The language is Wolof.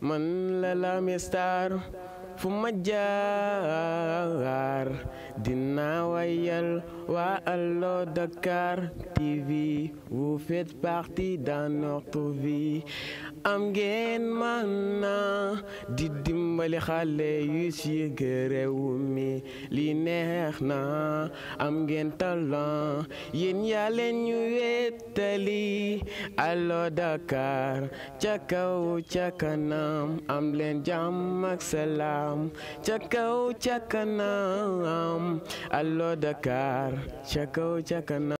man la laamistar fu ma jaar dinaa wayal waa Allo Dakar TV vous faites partie dans notre vie am ngeen man di dimbali xale yu ci réew mi li neex na am ngeen talent yéen yaa leen ñu wettali allo Dakar ca kaw ca kanam am leen jàmm salaam ca kaw ca kanam allo Dakar ca kaw ca kanam